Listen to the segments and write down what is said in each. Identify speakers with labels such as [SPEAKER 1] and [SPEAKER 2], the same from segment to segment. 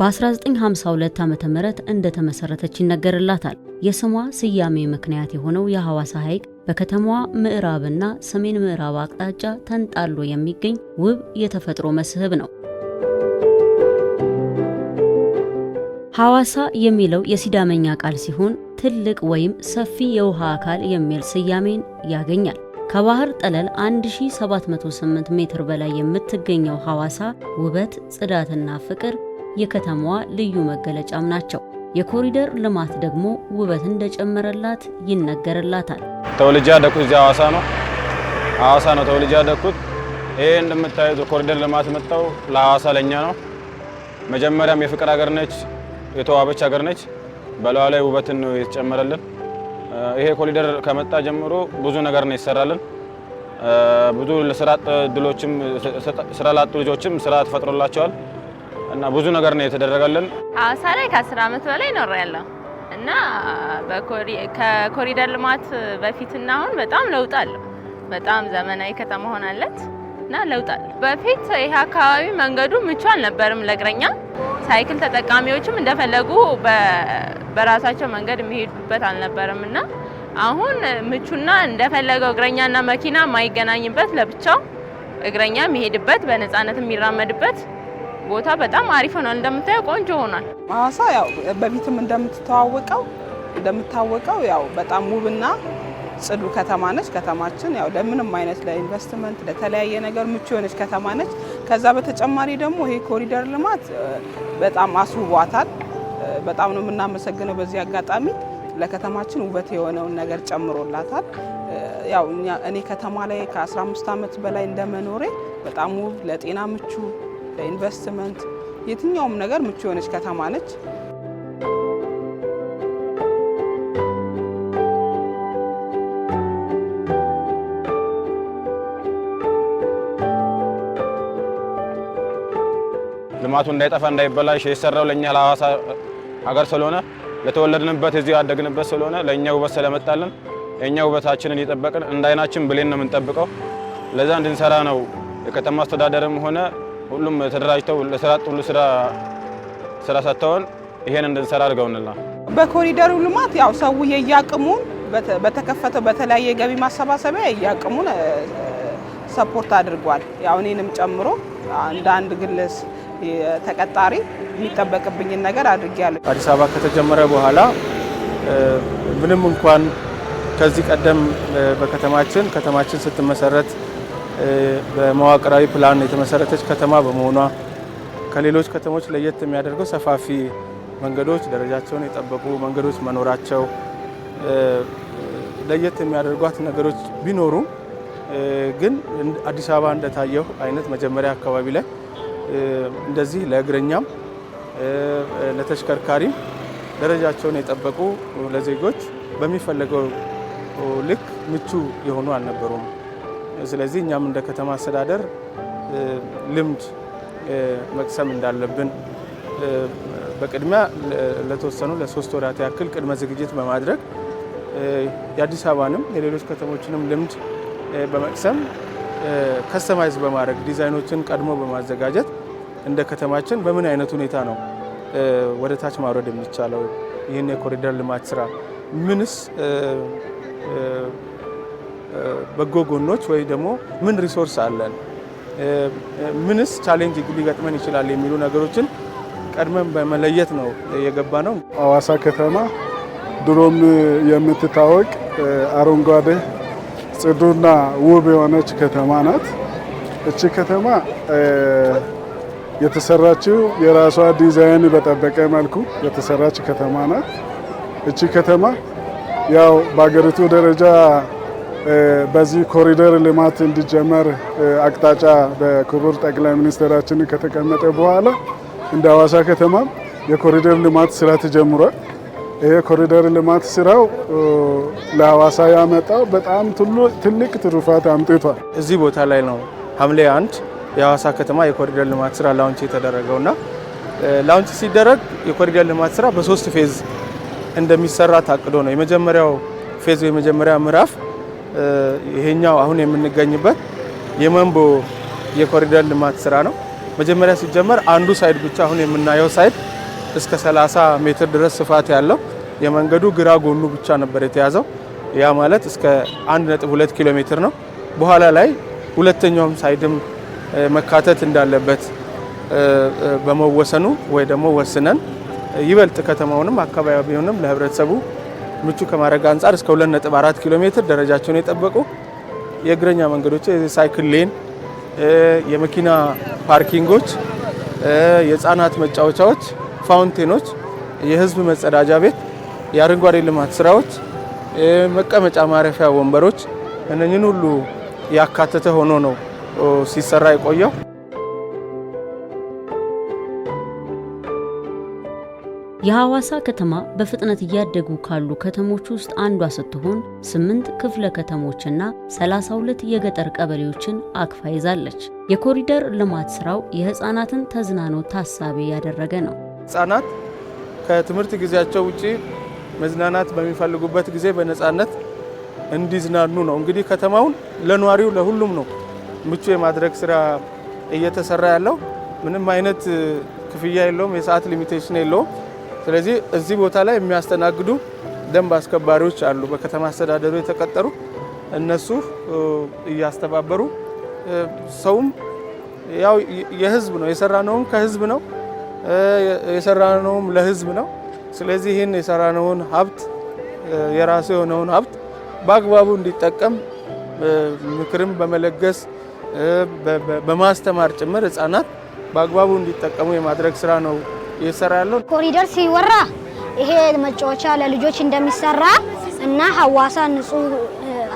[SPEAKER 1] በ1952 ዓ ም እንደተመሰረተች ይነገርላታል። የስሟ ስያሜ ምክንያት የሆነው የሐዋሳ ሐይቅ በከተማዋ ምዕራብና ሰሜን ምዕራብ አቅጣጫ ተንጣሎ የሚገኝ ውብ የተፈጥሮ መስህብ ነው። ሐዋሳ የሚለው የሲዳመኛ ቃል ሲሆን ትልቅ ወይም ሰፊ የውሃ አካል የሚል ስያሜን ያገኛል። ከባህር ጠለል 1708 ሜትር በላይ የምትገኘው ሐዋሳ ውበት፣ ጽዳትና ፍቅር የከተማዋ ልዩ መገለጫም ናቸው። የኮሪደር ልማት ደግሞ ውበት እንደጨመረላት ይነገርላታል።
[SPEAKER 2] ተወልጄ ያደኩት እዚህ ሐዋሳ ነው። ሐዋሳ ነው ተወልጄ ያደኩት። ይሄ እንደምታዩት ኮሪደር ልማት መጣው ለሐዋሳ ለኛ ነው። መጀመሪያም የፍቅር ሀገር ነች፣ የተዋበች ሀገር ነች። በለዋ ላይ ውበትን ነው የተጨመረልን። ይሄ ኮሪደር ከመጣ ጀምሮ ብዙ ነገር ነው ይሰራልን። ብዙ ድሎችም ስራ ላጡ ልጆችም ስራ ተፈጥሮላቸዋል። እና ብዙ ነገር ነው የተደረገልን።
[SPEAKER 3] ሐዋሳ ላይ ከአስር ዓመት በላይ ኖር ያለው እና ከኮሪደር ልማት በፊትና አሁን በጣም ለውጥ አለው። በጣም ዘመናዊ ከተማ ሆናለች እና ለውጥ በፊት ይህ አካባቢ መንገዱ ምቹ አልነበርም ለእግረኛ። ሳይክል ተጠቃሚዎችም እንደፈለጉ በራሳቸው መንገድ የሚሄዱበት አልነበርም እና አሁን ምቹና እንደፈለገው እግረኛና መኪና የማይገናኝበት ለብቻው እግረኛ የሚሄድበት በነፃነት የሚራመድበት ቦታ በጣም አሪፍ ሆኗል። እንደምታየው ቆንጆ ሆኗል።
[SPEAKER 4] ሀዋሳ ያው በፊትም እንደምትተዋወቀው እንደምታወቀው ያው በጣም ውብና ጽዱ ከተማ ነች። ከተማችን ያው ለምንም አይነት ለኢንቨስትመንት ለተለያየ ነገር ምቹ የሆነች ከተማ ነች። ከዛ በተጨማሪ ደግሞ ይሄ ኮሪደር ልማት በጣም አስውቧታል። በጣም ነው የምናመሰግነው በዚህ አጋጣሚ ለከተማችን ውበት የሆነውን ነገር ጨምሮላታል። ያው እኔ ከተማ ላይ ከ15 ዓመት በላይ እንደመኖሬ በጣም ውብ ለጤና ምቹ ለኢንቨስትመንት የትኛውም ነገር ምቹ የሆነች ከተማ ነች።
[SPEAKER 2] ልማቱ እንዳይጠፋ እንዳይበላሽ የሰራው ለእኛ ለሐዋሳ ሀገር ስለሆነ ለተወለድንበት እዚሁ ያደግንበት ስለሆነ ለእኛ ውበት ስለመጣልን የእኛ ውበታችንን እየጠበቅን እንዳይናችን ብሌን ነው የምንጠብቀው። ለዛ እንድንሰራ ነው የከተማ አስተዳደርም ሆነ ሁሉም ተደራጅተው ለስራ ሁሉ ስራ ስራ ሰጥተውን ይሄን እንድንሰራ አድርገውንላ።
[SPEAKER 4] በኮሪደሩ ልማት ያው ሰው የያቅሙን በተከፈተው በተለያየ የገቢ ማሰባሰቢያ የያቅሙን ሰፖርት አድርጓል። ያው እኔንም ጨምሮ እንደ አንድ ግልስ ተቀጣሪ የሚጠበቅብኝን ነገር አድርጌያለሁ።
[SPEAKER 2] አዲስ አበባ ከተጀመረ በኋላ ምንም እንኳን ከዚህ ቀደም በከተማችን ከተማችን ስትመሰረት በመዋቅራዊ ፕላን የተመሰረተች ከተማ በመሆኗ ከሌሎች ከተሞች ለየት የሚያደርገው ሰፋፊ መንገዶች፣ ደረጃቸውን የጠበቁ መንገዶች መኖራቸው ለየት የሚያደርጓት ነገሮች ቢኖሩ ግን አዲስ አበባ እንደታየው አይነት መጀመሪያ አካባቢ ላይ እንደዚህ ለእግረኛም ለተሽከርካሪም ደረጃቸውን የጠበቁ ለዜጎች በሚፈለገው ልክ ምቹ የሆኑ አልነበሩም። ስለዚህ እኛም እንደ ከተማ አስተዳደር ልምድ መቅሰም እንዳለብን በቅድሚያ ለተወሰኑ ለሶስት ወራት ያክል ቅድመ ዝግጅት በማድረግ የአዲስ አበባንም የሌሎች ከተሞችንም ልምድ በመቅሰም ከስተማይዝ በማድረግ ዲዛይኖችን ቀድሞ በማዘጋጀት እንደ ከተማችን በምን አይነት ሁኔታ ነው ወደ ታች ማውረድ የሚቻለው? ይህን የኮሪደር ልማት ስራ ምንስ በጎ ጎኖች ወይ ደግሞ ምን ሪሶርስ አለን፣ ምንስ ቻሌንጅ ሊገጥመን ይችላል የሚሉ ነገሮችን ቀድመን በመለየት ነው የገባ ነው።
[SPEAKER 5] ሀዋሳ ከተማ ድሮም የምትታወቅ አረንጓዴ ጽዱና ውብ የሆነች ከተማ ናት። እቺ ከተማ የተሰራችው የራሷ ዲዛይን በጠበቀ መልኩ የተሰራች ከተማ ናት። እቺ ከተማ ያው በሀገሪቱ ደረጃ በዚህ ኮሪደር ልማት እንዲጀመር አቅጣጫ በክቡር ጠቅላይ ሚኒስትራችን ከተቀመጠ በኋላ እንደ ሀዋሳ ከተማ የኮሪደር ልማት ስራ ተጀምሯል። ይሄ ኮሪደር ልማት ስራው ለሀዋሳ ያመጣው በጣም ትልቅ ትሩፋት አምጥቷል።
[SPEAKER 2] እዚህ ቦታ ላይ ነው ሐምሌ አንድ የሀዋሳ ከተማ የኮሪደር ልማት ስራ ላውንች የተደረገውና ላውንች ሲደረግ የኮሪደር ልማት ስራ በሶስት ፌዝ እንደሚሰራ ታቅዶ ነው የመጀመሪያው ፌዝ የመጀመሪያ ምዕራፍ ይሄኛው አሁን የምንገኝበት የመንቦ የኮሪደር ልማት ስራ ነው። መጀመሪያ ሲጀመር አንዱ ሳይድ ብቻ አሁን የምናየው ሳይድ እስከ 30 ሜትር ድረስ ስፋት ያለው የመንገዱ ግራ ጎኑ ብቻ ነበር የተያዘው። ያ ማለት እስከ 1.2 ኪሎ ሜትር ነው። በኋላ ላይ ሁለተኛውም ሳይድም መካተት እንዳለበት በመወሰኑ ወይ ደግሞ ወስነን ይበልጥ ከተማውንም አካባቢውንም ለህብረተሰቡ ምቹ ከማድረግ አንጻር እስከ 2.4 ኪሎ ሜትር ደረጃቸውን የጠበቁ የእግረኛ መንገዶች፣ የሳይክል ሌን፣ የመኪና ፓርኪንጎች፣ የህፃናት መጫወቻዎች፣ ፋውንቴኖች፣ የህዝብ መጸዳጃ ቤት፣ የአረንጓዴ ልማት ስራዎች፣ መቀመጫ ማረፊያ ወንበሮች እነኝን ሁሉ ያካተተ ሆኖ ነው ሲሰራ የቆየው።
[SPEAKER 1] የሐዋሳ ከተማ በፍጥነት እያደጉ ካሉ ከተሞች ውስጥ አንዷ ስትሆን ስምንት ክፍለ ከተሞችና 32 የገጠር ቀበሌዎችን አክፋ ይዛለች። የኮሪደር ልማት ስራው የህፃናትን ተዝናኖ ታሳቢ ያደረገ ነው።
[SPEAKER 2] ህፃናት ከትምህርት ጊዜያቸው ውጪ መዝናናት በሚፈልጉበት ጊዜ በነፃነት እንዲዝናኑ ነው። እንግዲህ ከተማውን ለኗሪው ለሁሉም ነው ምቹ የማድረግ ስራ እየተሰራ ያለው። ምንም አይነት ክፍያ የለውም። የሰዓት ሊሚቴሽን የለውም። ስለዚህ እዚህ ቦታ ላይ የሚያስተናግዱ ደንብ አስከባሪዎች አሉ፣ በከተማ አስተዳደሩ የተቀጠሩ እነሱ እያስተባበሩ ሰውም ያው የህዝብ ነው የሰራነውም ከህዝብ ነው የሰራነውም ለህዝብ ነው። ስለዚህ ይህን የሰራነውን ሀብት የራሱ የሆነውን ሀብት በአግባቡ እንዲጠቀም ምክርም በመለገስ በማስተማር ጭምር ህጻናት በአግባቡ እንዲጠቀሙ የማድረግ ስራ ነው እየተሰራ ያለው
[SPEAKER 6] ኮሪደር ሲወራ ይሄ መጫወቻ ለልጆች እንደሚሰራ እና ሀዋሳ ንጹህ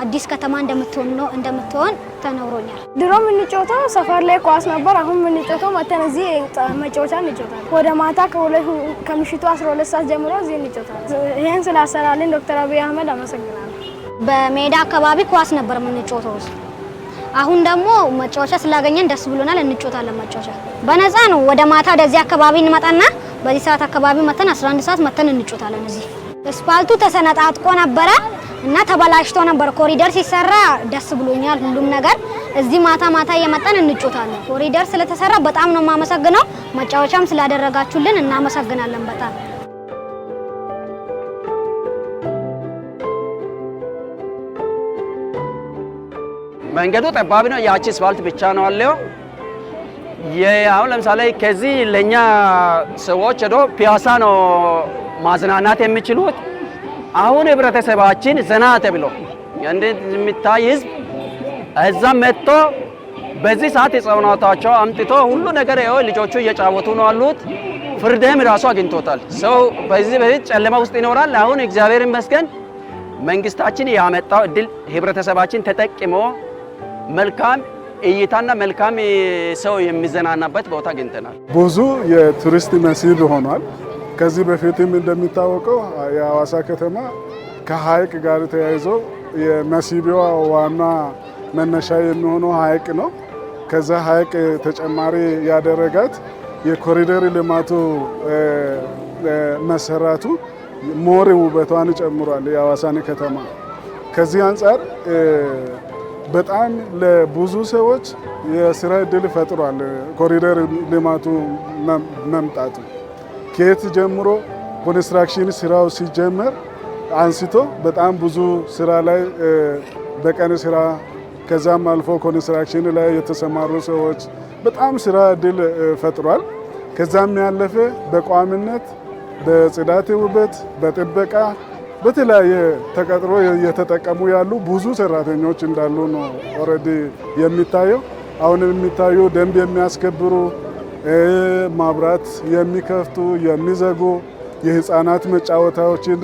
[SPEAKER 6] አዲስ ከተማ እንደምትሆን ነው እንደምትሆን ተነግሮኛል።
[SPEAKER 7] ድሮ የምንጫወተው ሰፈር ላይ ኳስ ነበር። አሁን የምንጫወተው መተን እዚህ መጫወቻ እንጫወታለን። ወደ ማታ ከምሽቱ 12 ሰዓት ጀምሮ እዚህ እንጫወታለን። ይህን ስላሰራልን ዶክተር አብይ አህመድ አመሰግናለሁ።
[SPEAKER 6] በሜዳ አካባቢ ኳስ ነበር የምንጫወተው አሁን ደግሞ መጫወቻ ስላገኘን ደስ ብሎናል። እንጮታለን። መጫወቻ በነፃ ነው። ወደ ማታ ወደዚህ አካባቢ እንመጣና በዚህ ሰዓት አካባቢ መተን 11 ሰዓት መተን እንጮታለን። እዚህ እስፓልቱ ተሰነጣጥቆ ነበረ እና ተበላሽቶ ነበር። ኮሪደር ሲሰራ ደስ ብሎኛል ሁሉም ነገር። እዚህ ማታ ማታ እየመጣን እንጮታለን። ኮሪደር ስለተሰራ በጣም ነው የማመሰግነው። መጫወቻም ስላደረጋችሁልን እናመሰግናለን በጣም
[SPEAKER 8] መንገዱ ጠባብ ነው። ያቺ አስፋልት ብቻ ነው አለው። አሁን ለምሳሌ ከዚህ ለእኛ ሰዎች ሄዶ ፒያሳ ነው ማዝናናት የሚችሉት። አሁን ህብረተሰባችን ዘና ተብሎ እንደሚታይ ህዝብ እዛ መጥቶ በዚህ ሰዓት የጸውናታቸው አምጥቶ ሁሉ ነገር ይኸው ልጆቹ እየጫወቱ ነው አሉት። ፍርድም ራሱ አግኝቶታል። ሰው በዚህ በፊት ጨለማ ውስጥ ይኖራል። አሁን እግዚአብሔር ይመስገን መንግስታችን ያመጣው እድል ህብረተሰባችን ተጠቅሞ መልካም እይታና መልካም ሰው የሚዘናናበት ቦታ አግኝተናል።
[SPEAKER 5] ብዙ የቱሪስት መስህብ ሆኗል። ከዚህ በፊትም እንደሚታወቀው የሐዋሳ ከተማ ከሀይቅ ጋር ተያይዞ የመስህቢዋ ዋና መነሻ የሚሆነው ሀይቅ ነው። ከዛ ሀይቅ ተጨማሪ ያደረጋት የኮሪደር ልማቱ መሰራቱ ሞሪ ውበቷን ጨምሯል የሐዋሳን ከተማ ከዚህ አንጻር በጣም ለብዙ ሰዎች የስራ እድል ፈጥሯል። ኮሪደር ልማቱ መምጣቱ ከየት ጀምሮ ኮንስትራክሽን ስራው ሲጀመር አንስቶ በጣም ብዙ ስራ ላይ በቀን ስራ ከዛም አልፎ ኮንስትራክሽን ላይ የተሰማሩ ሰዎች በጣም ስራ እድል ፈጥሯል። ከዛም ያለፈ በቋሚነት በጽዳት ውበት፣ በጥበቃ በተለያየ ተቀጥሮ እየተጠቀሙ ያሉ ብዙ ሰራተኞች እንዳሉ ነው ኦልሬዲ የሚታየው። አሁንም የሚታዩ ደንብ የሚያስከብሩ ማብራት የሚከፍቱ የሚዘጉ፣ የህፃናት መጫወታዎችን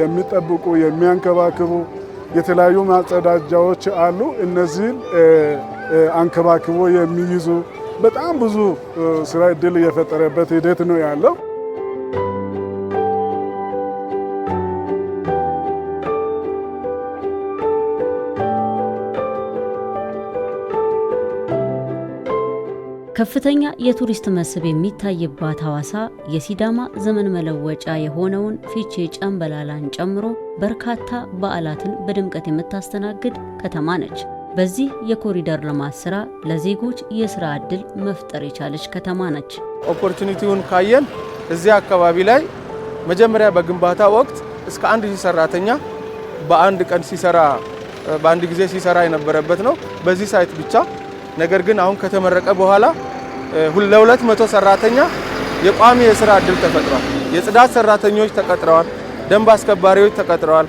[SPEAKER 5] የሚጠብቁ የሚያንከባክቡ የተለያዩ ማጸዳጃዎች አሉ። እነዚህን አንከባክቦ የሚይዙ በጣም ብዙ ስራ እድል እየፈጠረበት ሂደት ነው ያለው።
[SPEAKER 1] ከፍተኛ የቱሪስት መስህብ የሚታይባት ሐዋሳ የሲዳማ ዘመን መለወጫ የሆነውን ፊቼ ጨምበላላን ጨምሮ በርካታ በዓላትን በድምቀት የምታስተናግድ ከተማ ነች። በዚህ የኮሪደር ልማት ስራ ለዜጎች የስራ ዕድል መፍጠር የቻለች ከተማ ነች።
[SPEAKER 2] ኦፖርቹኒቲውን ካየን እዚህ አካባቢ ላይ መጀመሪያ በግንባታ ወቅት እስከ አንድ ሺህ ሰራተኛ በአንድ ቀን ሲሰራ በአንድ ጊዜ ሲሰራ የነበረበት ነው በዚህ ሳይት ብቻ። ነገር ግን አሁን ከተመረቀ በኋላ ለሁለት መቶ ሰራተኛ የቋሚ የስራ እድል ተፈጥሯል። የጽዳት ሰራተኞች ተቀጥረዋል። ደንብ አስከባሪዎች ተቀጥረዋል።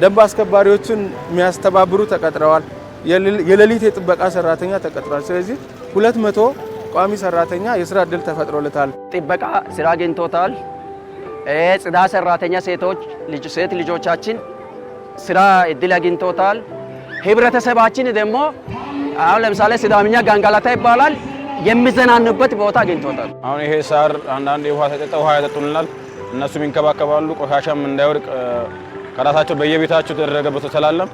[SPEAKER 2] ደንብ አስከባሪዎችን የሚያስተባብሩ ተቀጥረዋል። የሌሊት የጥበቃ ሰራተኛ ተቀጥሯል። ስለዚህ ሁለት መቶ ቋሚ ሰራተኛ የስራ እድል ተፈጥሮለታል።
[SPEAKER 8] ጥበቃ ስራ አግኝቶታል። ጽዳት ሰራተኛ ሴቶች ሴት ልጆቻችን ስራ እድል አግኝቶታል። ህብረተሰባችን ደግሞ አሁን ለምሳሌ ሲዳምኛ ጋንጋላታ ይባላል የሚዘናኑበት ቦታ አግኝቶታል።
[SPEAKER 2] አሁን ይሄ ሳር አንዳንድ ውሃ ተጠጣ ውሃ ያጠጡልናል። እነሱም ይንከባከባሉ። ቆሻሻም እንዳይወድቅ ከራሳቸው በየቤታቸው ተደረገበት ተላለም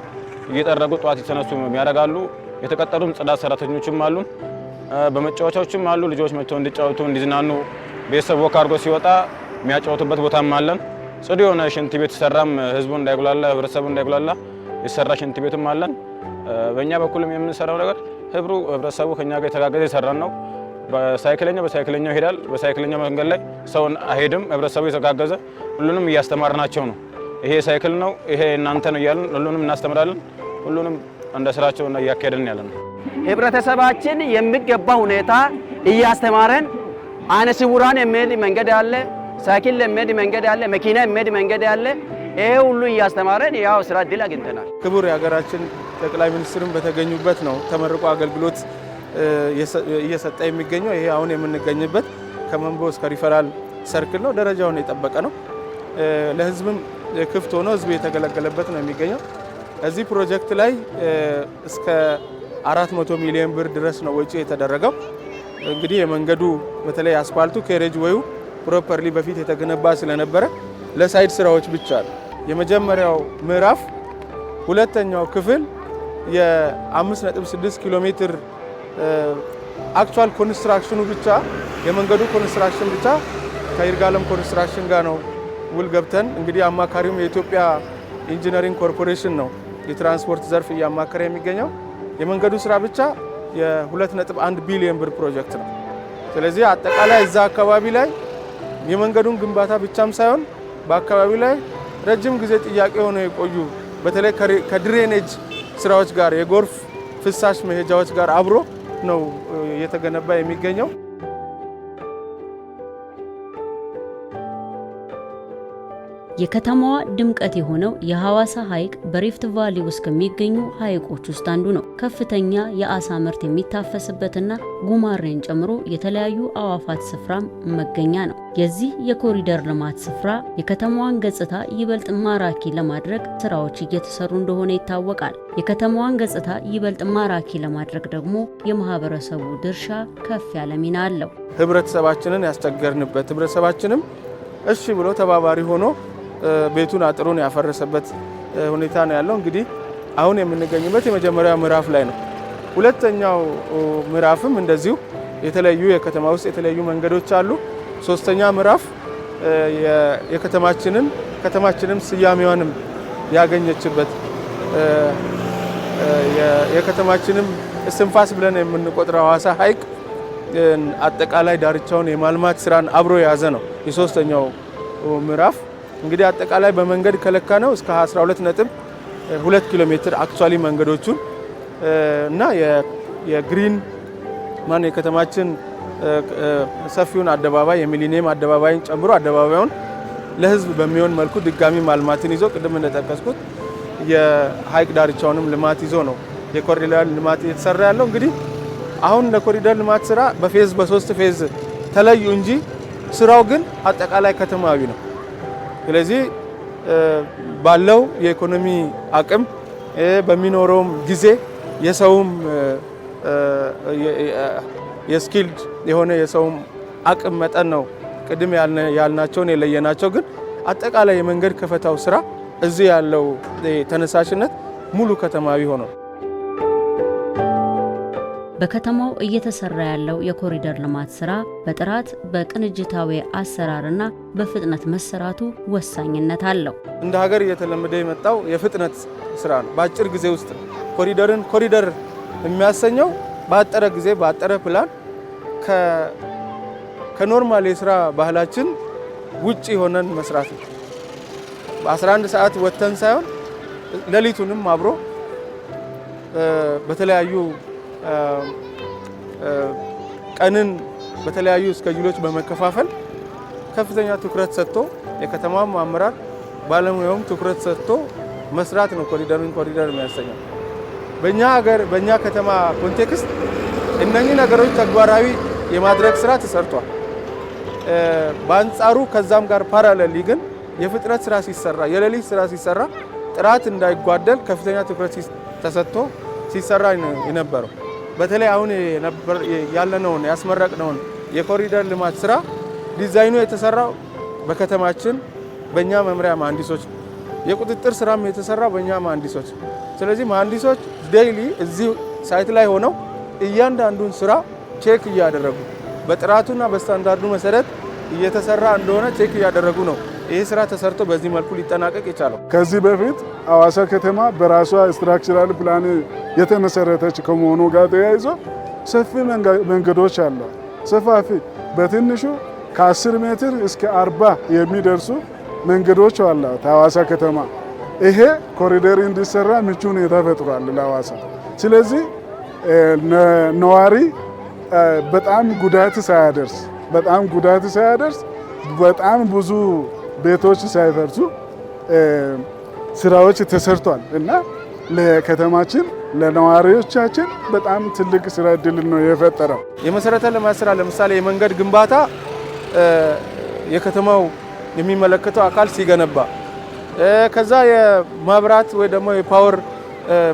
[SPEAKER 2] እየጠረጉ ጠዋት የተነሱ ያደርጋሉ። የተቀጠሉም ጽዳት ሰራተኞችም አሉን። በመጫወቻዎችም አሉ። ልጆች መጥተው እንዲጫወቱ እንዲዝናኑ ቤተሰብ ወክ አድርጎ ሲወጣ የሚያጫወቱበት ቦታም አለን። ጽዱ የሆነ ሽንት ቤት ሰራም ህዝቡ እንዳይጉላላ ህብረተሰቡ እንዳይጉላላ የሰራ ሽንት ቤትም አለን። በእኛ በኩልም የምንሰራው ነገር ህብሩ ህብረተሰቡ ከኛ ጋር የተጋገዘ የሰራን ነው። በሳይክለኛው በሳይክለኛው ይሄዳል። በሳይክለኛው መንገድ ላይ ሰውን አይሄድም። ህብረተሰቡ የተጋገዘ ሁሉንም እያስተማርናቸው ነው። ይሄ ሳይክል ነው፣ ይሄ እናንተ ነው እያልን ሁሉንም እናስተምራለን። ሁሉንም እንደ ስራቸው እያካሄደን ያለ ነው።
[SPEAKER 8] ህብረተሰባችን የሚገባ ሁኔታ እያስተማረን አይነ ስውራን የሚሄድ መንገድ አለ፣ ሳይክል የሚሄድ መንገድ አለ፣ መኪና የሚሄድ መንገድ አለ ይሄ ሁሉ እያስተማረን ያው ስራ እድል አግኝተናል።
[SPEAKER 2] ክቡር የሀገራችን ጠቅላይ ሚኒስትርም በተገኙበት ነው ተመርቆ አገልግሎት እየሰጠ የሚገኘው። ይሄ አሁን የምንገኝበት ከመንቦ እስከ ሪፈራል ሰርክል ነው። ደረጃውን የጠበቀ ነው። ለህዝብም ክፍት ሆኖ ህዝብ የተገለገለበት ነው የሚገኘው። እዚህ ፕሮጀክት ላይ እስከ 400 ሚሊዮን ብር ድረስ ነው ወጪ የተደረገው። እንግዲህ የመንገዱ በተለይ አስፓልቱ ከሬጅ ወዩ ፕሮፐርሊ በፊት የተገነባ ስለነበረ ለሳይድ ስራዎች ብቻ ነው። የመጀመሪያው ምዕራፍ ሁለተኛው ክፍል የ5.6 ኪሎ ሜትር አክቹዋል ኮንስትራክሽኑ ብቻ የመንገዱ ኮንስትራክሽን ብቻ ከይርጋለም ኮንስትራክሽን ጋር ነው ውል ገብተን እንግዲህ አማካሪውም የኢትዮጵያ ኢንጂነሪንግ ኮርፖሬሽን ነው የትራንስፖርት ዘርፍ እያማከረ የሚገኘው የመንገዱ ስራ ብቻ የ2.1 ቢሊዮን ብር ፕሮጀክት ነው። ስለዚህ አጠቃላይ እዛ አካባቢ ላይ የመንገዱን ግንባታ ብቻም ሳይሆን በአካባቢው ላይ ረጅም ጊዜ ጥያቄ ሆነው የቆዩ በተለይ ከድሬኔጅ ስራዎች ጋር የጎርፍ ፍሳሽ መሄጃዎች ጋር አብሮ ነው እየተገነባ የሚገኘው።
[SPEAKER 1] የከተማዋ ድምቀት የሆነው የሐዋሳ ሐይቅ በሪፍት ቫሊ ውስጥ ከሚገኙ ሐይቆች ውስጥ አንዱ ነው። ከፍተኛ የአሳ ምርት የሚታፈስበትና ጉማሬን ጨምሮ የተለያዩ አዋፋት ስፍራም መገኛ ነው። የዚህ የኮሪደር ልማት ስፍራ የከተማዋን ገጽታ ይበልጥ ማራኪ ለማድረግ ስራዎች እየተሰሩ እንደሆነ ይታወቃል። የከተማዋን ገጽታ ይበልጥ ማራኪ ለማድረግ ደግሞ የማህበረሰቡ ድርሻ ከፍ ያለ ሚና አለው።
[SPEAKER 2] ህብረተሰባችንን ያስቸገርንበት ህብረተሰባችንም እሺ ብሎ ተባባሪ ሆኖ ቤቱን አጥሩን ያፈረሰበት ሁኔታ ነው ያለው። እንግዲህ አሁን የምንገኝበት የመጀመሪያ ምዕራፍ ላይ ነው። ሁለተኛው ምዕራፍም እንደዚሁ የተለያዩ የከተማ ውስጥ የተለያዩ መንገዶች አሉ። ሶስተኛ ምዕራፍ የከተማችንን ከተማችንም ስያሜዋንም ያገኘችበት የከተማችንም እስትንፋስ ብለን የምንቆጥረው ሀዋሳ ሐይቅ አጠቃላይ ዳርቻውን የማልማት ስራን አብሮ የያዘ ነው። የሶስተኛው ምዕራፍ እንግዲህ አጠቃላይ በመንገድ ከለካ ነው እስከ 12 ነጥብ 2 ኪሎ ሜትር አክቹዋሊ መንገዶቹን እና የግሪን ማን የከተማችን ሰፊውን አደባባይ የሚሊኒየም አደባባይን ጨምሮ አደባባዩን ለህዝብ በሚሆን መልኩ ድጋሚ ማልማትን ይዞ ቅድም እንደጠቀስኩት የሀይቅ ዳርቻውንም ልማት ይዞ ነው የኮሪደር ልማት እየተሰራ ያለው። እንግዲህ አሁን ለኮሪደር ልማት ስራ በፌዝ በሶስት ፌዝ ተለዩ እንጂ ስራው ግን አጠቃላይ ከተማዊ ነው። ስለዚህ ባለው የኢኮኖሚ አቅም በሚኖረውም ጊዜ የሰውም የስኪልድ የሆነ የሰውም አቅም መጠን ነው ቅድም ያልናቸውን የለየናቸው። ግን አጠቃላይ የመንገድ ከፈታው ስራ እዚህ ያለው ተነሳሽነት ሙሉ ከተማዊ ሆኖ
[SPEAKER 1] በከተማው እየተሰራ ያለው የኮሪደር ልማት ስራ በጥራት በቅንጅታዊ አሰራርና በፍጥነት መሰራቱ ወሳኝነት አለው።
[SPEAKER 2] እንደ ሀገር እየተለመደ የመጣው የፍጥነት ስራ ነው። በአጭር ጊዜ ውስጥ ኮሪደርን ኮሪደር የሚያሰኘው ባጠረ ጊዜ በአጠረ ፕላን ከኖርማል የስራ ባህላችን ውጭ የሆነን መስራት ነው። በ11 ሰዓት ወጥተን ሳይሆን ሌሊቱንም አብሮ በተለያዩ ቀንን በተለያዩ እስከጅሎች በመከፋፈል ከፍተኛ ትኩረት ሰጥቶ የከተማም አመራር ባለሙያውም ትኩረት ሰጥቶ መስራት ነው ኮሪደርን ኮሪደር የሚያሰኘው። በእኛ ሀገር በእኛ ከተማ ኮንቴክስት እነኚህ ነገሮች ተግባራዊ የማድረግ ስራ ተሰርቷል። በአንጻሩ ከዛም ጋር ፓራለሊ ግን የፍጥነት ስራ ሲሰራ፣ የሌሊት ስራ ሲሰራ ጥራት እንዳይጓደል ከፍተኛ ትኩረት ተሰጥቶ ሲሰራ የነበረው በተለይ አሁን ያለነውን ያስመረቅነውን የኮሪደር ልማት ስራ ዲዛይኑ የተሰራው በከተማችን በእኛ መምሪያ መሀንዲሶች፣ የቁጥጥር ስራም የተሰራው በእኛ መሀንዲሶች። ስለዚህ መሀንዲሶች ዴይሊ እዚህ ሳይት ላይ ሆነው እያንዳንዱን ስራ ቼክ እያደረጉ በጥራቱና በስታንዳርዱ መሰረት እየተሰራ እንደሆነ ቼክ እያደረጉ ነው። ይህ ስራ ተሰርቶ በዚህ መልኩ ሊጠናቀቅ የቻለው
[SPEAKER 5] ከዚህ በፊት ሐዋሳ ከተማ በራሷ ስትራክቸራል ፕላን የተመሰረተች ከመሆኑ ጋር ተያይዞ ሰፊ መንገዶች አለ። ሰፋፊ በትንሹ ከ10 ሜትር እስከ 40 የሚደርሱ መንገዶች አላት ሐዋሳ ከተማ። ይሄ ኮሪደር እንዲሰራ ምቹ ሁኔታ ፈጥሯል ለሐዋሳ። ስለዚህ ነዋሪ በጣም ጉዳት ሳያደርስ በጣም ጉዳት ሳያደርስ በጣም ብዙ ቤቶች ሳይፈርሱ ስራዎች ተሰርቷል እና ለከተማችን ለነዋሪዎቻችን በጣም ትልቅ ስራ እድል ነው የፈጠረው።
[SPEAKER 2] የመሰረተ ልማት ስራ ለምሳሌ የመንገድ ግንባታ የከተማው የሚመለከተው አካል ሲገነባ ከዛ የመብራት ወይ ደግሞ የፓወር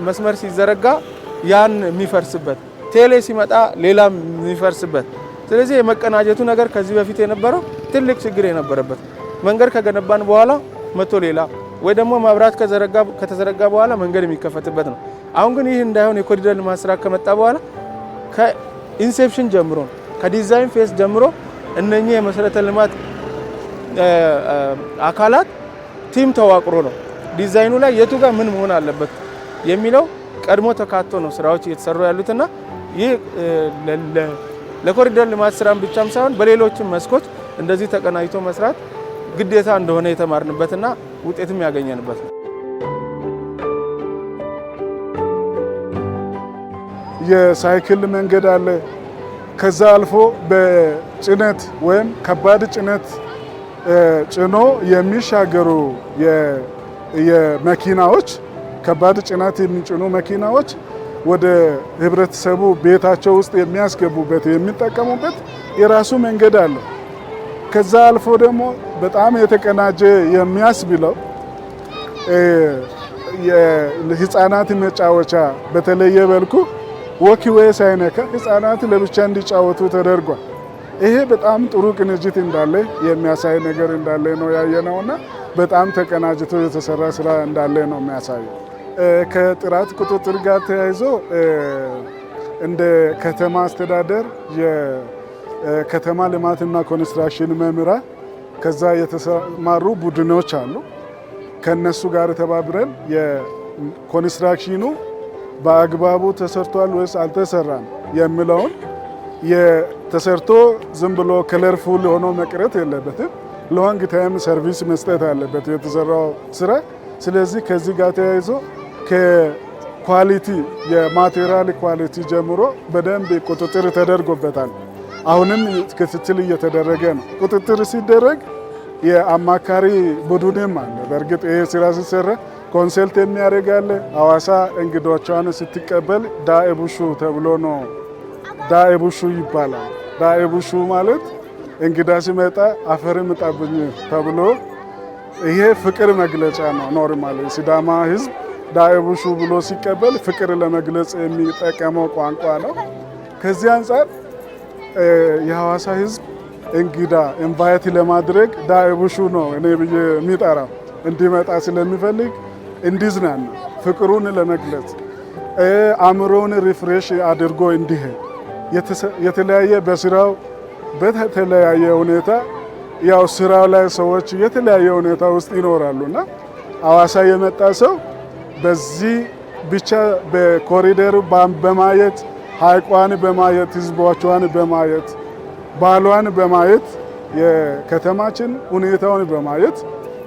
[SPEAKER 2] መስመር ሲዘረጋ ያን የሚፈርስበት ቴሌ ሲመጣ ሌላም የሚፈርስበት ስለዚህ የመቀናጀቱ ነገር ከዚህ በፊት የነበረው ትልቅ ችግር የነበረበት መንገድ ከገነባን በኋላ መቶ ሌላ ወይ ደግሞ መብራት ከተዘረጋ በኋላ መንገድ የሚከፈትበት ነው። አሁን ግን ይህ እንዳይሆን የኮሪደር ልማት ስራ ከመጣ በኋላ ከኢንሴፕሽን ጀምሮ ከዲዛይን ፌስ ጀምሮ እነኚህ የመሰረተ ልማት አካላት ቲም ተዋቅሮ ነው ዲዛይኑ ላይ የቱ ጋር ምን መሆን አለበት የሚለው ቀድሞ ተካቶ ነው ስራዎች እየተሰሩ ያሉትና ይህ ለኮሪደር ልማት ስራም ብቻም ሳይሆን በሌሎችም መስኮች እንደዚህ ተቀናጅቶ መስራት ግዴታ እንደሆነ የተማርንበትና ውጤትም ያገኘንበት ነው።
[SPEAKER 5] የሳይክል መንገድ አለ። ከዛ አልፎ በጭነት ወይም ከባድ ጭነት ጭኖ የሚሻገሩ የመኪናዎች ከባድ ጭነት የሚጭኑ መኪናዎች ወደ ህብረተሰቡ ቤታቸው ውስጥ የሚያስገቡበት የሚጠቀሙበት የራሱ መንገድ አለው። ከዛ አልፎ ደግሞ በጣም የተቀናጀ የሚያስብለው የህፃናት መጫወቻ በተለየ መልኩ ወኪዌ ሳይነካ ህፃናት ለብቻ እንዲጫወቱ ተደርጓል። ይሄ በጣም ጥሩ ቅንጅት እንዳለ የሚያሳይ ነገር እንዳለ ነው ያየነውና በጣም ተቀናጅቶ የተሰራ ስራ እንዳለ ነው የሚያሳየው። ከጥራት ቁጥጥር ጋር ተያይዞ እንደ ከተማ አስተዳደር የከተማ ልማትና ኮንስትራክሽን መምራ ከዛ የተሰማሩ ቡድኖች አሉ። ከነሱ ጋር ተባብረን የኮንስትራክሽኑ በአግባቡ ተሰርቷል ወይስ አልተሰራም የሚለውን ተሰርቶ ዝም ብሎ ከለርፉል ሆኖ መቅረት የለበትም። ሎንግ ታይም ሰርቪስ መስጠት አለበት የተሰራው ስራ። ስለዚህ ከዚህ ጋር ተያይዞ ከኳሊቲ የማቴሪያል ኳሊቲ ጀምሮ በደንብ ቁጥጥር ተደርጎበታል። አሁንም ክትትል እየተደረገ ነው። ቁጥጥር ሲደረግ የአማካሪ ቡድንም አለ። በእርግጥ ይሄ ስራ ሲሰራ ኮንሰልት የሚያደርግ አለ። እንግዶቿን ስትቀበል ዳኤቡሹ ተብሎ ነው ዳኤቡሹ ይባላል። ዳኤቡሹ ማለት እንግዳ ሲመጣ አፈር ምጣብኝ ተብሎ ይሄ ፍቅር መግለጫ ነው። ኖርማል ሲዳማ ህዝብ ዳኤቡሹ ብሎ ሲቀበል ፍቅር ለመግለጽ የሚጠቀመው ቋንቋ ነው። ከዚህ አንጻር የሐዋሳ ህዝብ እንግዳ ኢንቫይት ለማድረግ ዳኤቡሹ ነው እኔ ብዬ የሚጠራ እንዲመጣ ስለሚፈልግ እንዲዝናና ፍቅሩን ለመግለጽ አእምሮውን ሪፍሬሽ አድርጎ እንዲሄድ የተለያየ በስራው በተለያየ ሁኔታ ያው ስራው ላይ ሰዎች የተለያየ ሁኔታ ውስጥ ይኖራሉና አዋሳ የመጣ ሰው በዚህ ብቻ በኮሪደሩ በማየት ሐይቋን በማየት ህዝቦቿን በማየት ባህሏን በማየት የከተማችን ሁኔታውን በማየት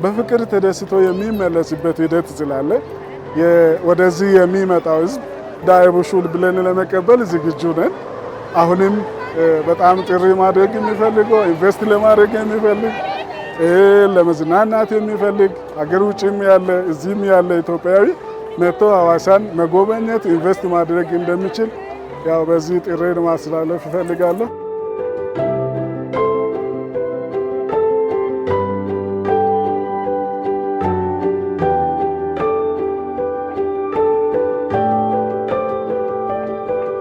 [SPEAKER 5] በፍቅር ተደስቶ የሚመለስበት ሂደት ስላለ ወደዚህ የሚመጣው ህዝብ ዳይቡሹል ብለን ለመቀበል ዝግጁ ነን። አሁንም በጣም ጥሪ ማድረግ የሚፈልገው ኢንቨስት ለማድረግ የሚፈልግ ለመዝናናት የሚፈልግ አገር ውጭም ያለ እዚህም ያለ ኢትዮጵያዊ መጥቶ ሀዋሳን መጎበኘት ኢንቨስት ማድረግ እንደሚችል ያው በዚህ ጥሬን ማስተላለፍ እፈልጋለሁ።